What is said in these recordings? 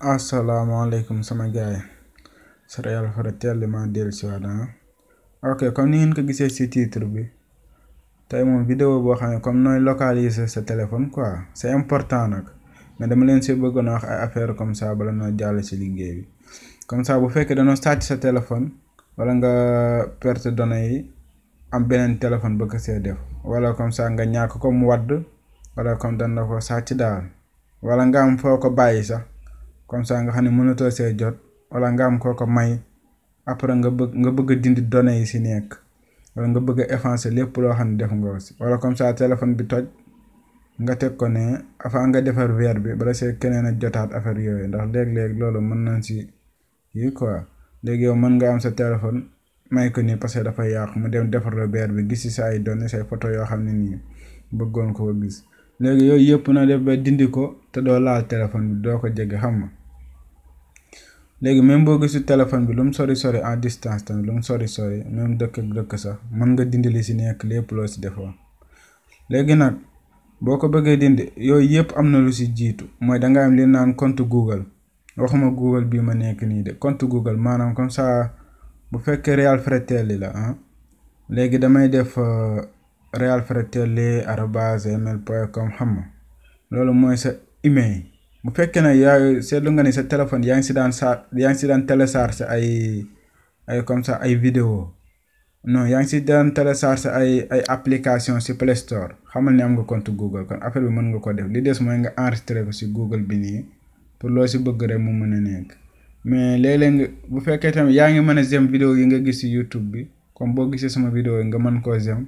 asalaamaaleykum sama gaay sara yàlla fara teel ma dellu si waat ah. ok comme ni ngeen ko gisee si titre bi tey moom vidéo boo xam ne comme nooy localiser sa téléphone quoi c'est important nag mais dama leen si bëggoon a wax ay affaire comme ça bala noo jàll si liggéey bi comme ça bu fekkee danoo sàcc sa téléphone wala nga perte données yi am beneen téléphone bëgg see def wala comme ça nga ñàkk ko mu wadd wala comme dan ko sàcc daal wala nga am foo ko bàyyi sax comme saa nga xam ne mënatoo see jot wala nga am koo ko may après nga bëgg nga bëgg a dindi données yi si nekk wala nga bëgg a lépp loo xam ne def nga si wala comme ça téléphone bi toj nga teg ko ne avant nga defar weer bi bala see keneen a jotaat affaire yooyu ndax léeg-léeg loolu mën nañ si yi quoi léegi yow mën nga am sa téléphone may ko nii parce que dafa yàq mu dem defar la beer bi gis si sa ay données say photo yoo xam ne nii bëggoon koo gis léegi yooyu yëpp na def ba dindi ko te doo laal téléphone bi doo ko jege xam nga léegi même boo gisul téléphone bi lu mu sori sori en distance tamit lu mu sori sori même dëkk dëkk sax mën nga dindi li si nekk lépp loo si defoon léegi nag boo ko bëggee dindi yooyu yëpp am na lu si jiitu mooy danga am li naan compte Google waxuma Google bii ma nekk nii de compte Google maanaam comme ça bu fekkee Real Fratelli la ah léegi damay def euh, Real Fratelli arobase gmail point com xam nga loolu mooy sa email bu fekkee ne yaa seetlu nga ni sa téléphone yaa ngi si daan saa yaa ngi si daan télécharge ay ay comme ay vidéo non yaa ngi si daan télécharge ay ay application si Play Store xamal ne am nga compte Google kon affaire bi mën nga ko def li des mooy nga enregistré ko si Google bi nii pour loo si bëgg rek mu mën a nekk mais léeg bu fekkee tamit yaa ngi mën a zem vidéo yi nga gis si YouTube bi comme boo gisee sama vidéo yi nga mën koo zem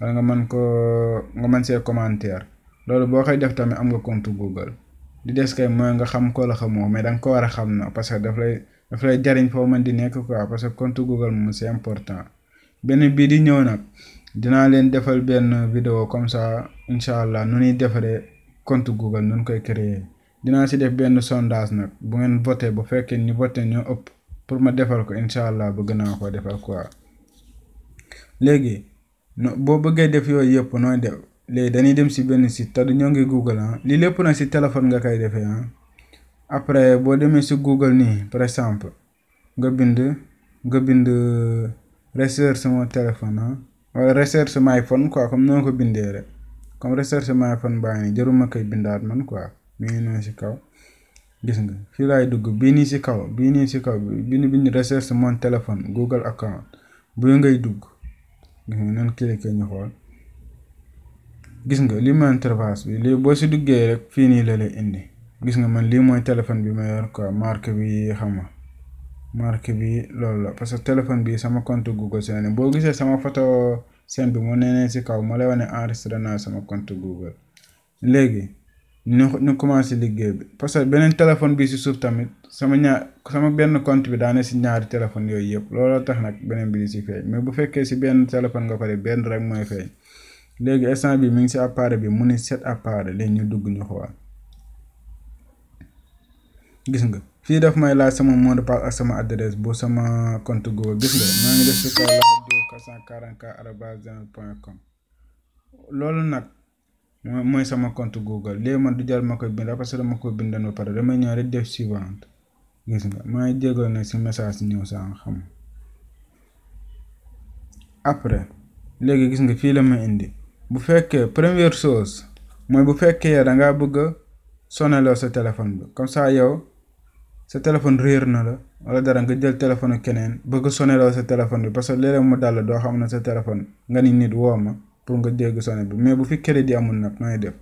wala nga mën koo nga mën see commentaire loolu boo koy def tamit am nga compte Google. di des kay mooy nga xam ko la xamoo mais da nga ko war a xam na parce que daf lay daf lay jariñ foo man di nekk quoi parce que compte Google moom c'est important benn bii di ñëw nag dinaa leen defal benn vidéo comme ça incha allah nu ñuy defaree compte Google nu ñu koy créer dinaa si def benn sondage nag bu ngeen voté bu fekkee ni voté ñoo ëpp pour ma defal ko incha allah bëgg naa ko defal quoi léegi boo bëggee def yooyu yëpp nooy def. léegi dañuy dem si benn site te ñoo ngi google ah li lépp nag si téléphone nga koy defee ah après boo demee si google nii par exemple nga bind nga bind euh, recherche sama téléphone ah wala recherche my phone quoi comme noo ko bindee rek comme recherche my phone baa ngi nii jaruma koy bindaat man quoi mi ngi noonu si kaw gis nga fii laay dugg bii nii si kaw bii nii si kaw bii nii bind recherche mon téléphone google account bu ngay dugg gis nga nan cliquer ñu xool. gis nga lii mooy interface bi lii boo si duggee rek fii nii la lay indi gis nga man lii mooy téléphone bi ma yor quoi marque bi xam nga marque bi loolu la parce que téléphone bi sama compte Google seen boo gisee sama photo seen bi mu neenee si kaw ma lay wane enregistré naa sama compte Google léegi ñu ñu commencé liggéey bi parce que beneen téléphone bi si suuf tamit sama ñaar sama benn compte bi daane si ñaari téléphone yooyu yëpp looloo tax nag beneen bi di si feeñ mais bu fekkee si benn téléphone nga ko benn rek mooy feeñ léegi instant bi mi ngi si appareil bi mu ne set appareil léegi ñu dugg ñu xool gis nga fii daf may laaj sama mot de passe ak sama adresse bu sama compte Google gis nga maa ngi def loolu nag mooy sama compte Google léegi man du jar ma koy bind parce que dama ko bindan ba pare damay ñëw rek def suivant gis nga maa ngi jégoon nag si message ñëw saa xam après léegi gis nga fii la ma indi bu fekkee première chose mooy bu fekkee da ngaa bëgg a sonaloo sa téléphone bi comme saa yow sa téléphone réer na la walla dara nga jël téléphone keneen bëgg a sonaloo sa téléphone bi parce que léeg-léeg mu dal la doo xam ne sa téléphone nga ni nit woo ma pour nga dégg sonné bi mais bu fi crédit amul nag nooy def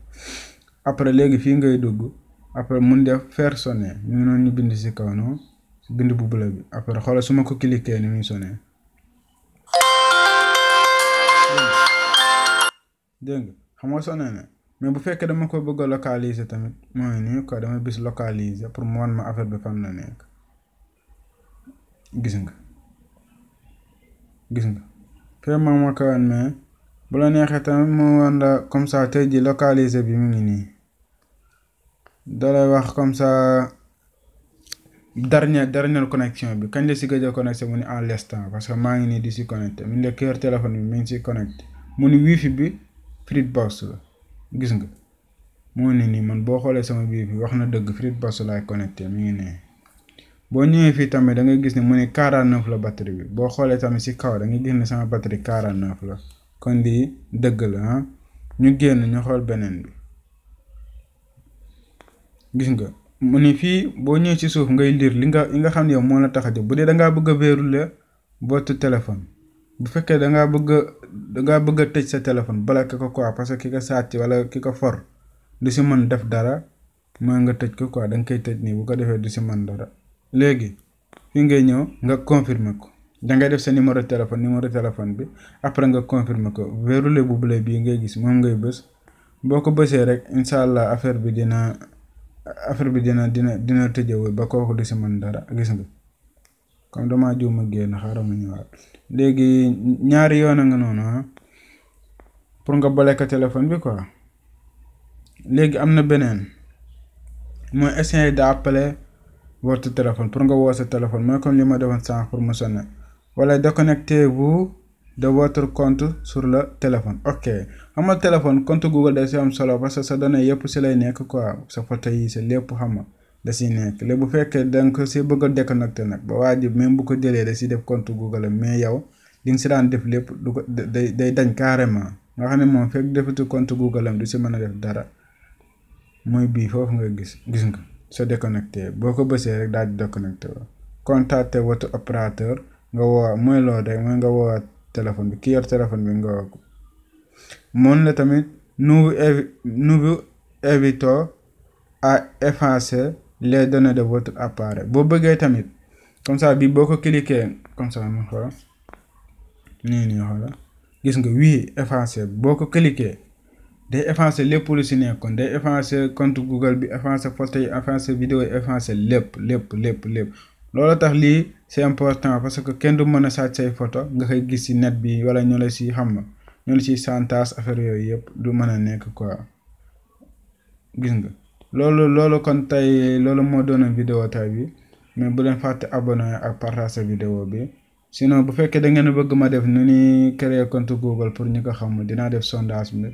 après léegi fii ngay dugg après mun def faire sonné ñu noonu ñu bind si kaw noonu bind bu bula bi après xoolal su ma ko cliquer ni muy sone dégg nga xam nga sonné na mais bu fekkee dama ko bëgga a localiser tamit mooy nii quoi dama bis localiser pour mu wan affaire bi fan na nekk gis nga gis nga fee ma ma wan mais bu la neexee tamit mu wan la comme ça tey ji localiser bi mu ngi nii dalay wax comme ça dernière dernière connexion bi kañ la si gëj a connecté mu ni en l'instant parce que maa ngi nii di si connecté mu ne cœur téléphone bi mu ngi si connecté mu ni wifi bi Fritbox la gis nga moo ne nii man boo xoolee sama biir bi wax na dëgg Fritbox laay connecté mi ngi ne boo ñëwee fii tamit da nga gis ne mu ne 49 la batterie bi boo xoolee tamit si kaw da nga gis ne sama batterie 49 la kon di dëgg la ah ñu génn ñu xool beneen bi gis nga mu ne fii boo ñëwee ci suuf ngay liir li nga li nga xam ne yow moo la tax a jóg bu dee da ngaa bëgg a verrouiller votre téléphone. bu fekkee da ngaa bëgg a da bëgg a tëj sa téléphone bala ki ko quoi parce que ki ko saati wala ki ko for du si mën def dara mooy nga tëj ko quoi da nga koy tëj nii bu ko defee du si mën dara. léegi fi ngay ñëw nga confirmer ko da ngay def sa numéro téléphone numéro téléphone bi après nga confirmer ko verrouille bu bleu bii ngay gis moom ngay bës boo ko bësee rek incha allah affaire bi dina affaire bi dina dina dina tëjee ba kooku du si mën dara gis nga. comme dama juum a génn xaaral ma ñëwaat léegi ñaari yoon a nga noonu ah. pour nga boole ko téléphone bi quoi léegi am na beneen mooy essayer d'appeler votre téléphone pour nga woo sa téléphone mooy comme li ma defoon sànq pour mu sonné wala déconnectez-vous de votre compte sur la téléphone ok xam nga téléphone compte Google da si am solo parce que sa données yëpp si lay nekk quoi sa photo yi sa lépp xam nga da si nekk léegi bu fekkee da nga ko si bëgg a nag ba waa ji même bu ko delee da si def compte Google mais yow li nga si daan def lépp du ko day day dañ carrément nga xam ne moom fekk defatu compte Google am du si mën a def dara mooy bii foofu nga gis gis nga soo déconnecté boo ko bësee rek daal di déconnecté wa contacté watu opérateur nga woo mooy loolu rek mooy nga woo téléphone bi ki yor téléphone bi nga woo ko moom la tamit nouveau nouveau les données de votre appareil boo bëggee tamit comme ça bi boo ko cliquer comme ça ma xoola nii nii xoola gis nga wii effacer boo ko cliquer day effacer lépp lu si nekkoon day effacer compte Google bi effacer photo yi effacer vidéo yi effacer lépp lépp lépp lépp loolu tax lii c'est important parce que kenn du mën a sàcc say photo nga koy gis si net bi wala ñu la si xam ñu la si santas affaire yooyu yëpp du mën a nekk quoi gis nga loolu loolu kon tey loolu moo doonam vidéo tey bi mais bu leen fàttee abonné ak partager vidéo bi sinon bu fekkee da ngeen bëgg ma def nu ni créer compte Google pour ñu ko xamul dinaa def sondage bi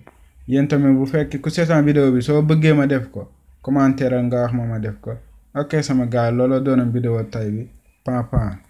yéen tamit bu fekkee ku seetaan vidéo bi soo bëggee ma def ko commentaire nga wax ma ma def ko ok sama gars loolu doonoon vidéo tey bi pan pan